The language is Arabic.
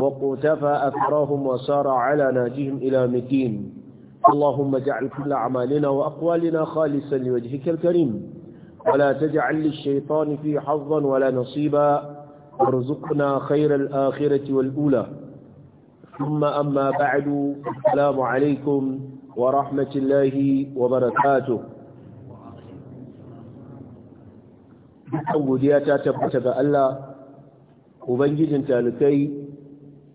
وقتفى أثرهم وسار على ناجهم إلى مدين اللهم اجعل كل أعمالنا وأقوالنا خالصا لوجهك الكريم ولا تجعل للشيطان في حظا ولا نصيبا وارزقنا خير الآخرة والأولى ثم أما بعد السلام عليكم ورحمة الله وبركاته godiya ta tabbata ga Allah ubangijin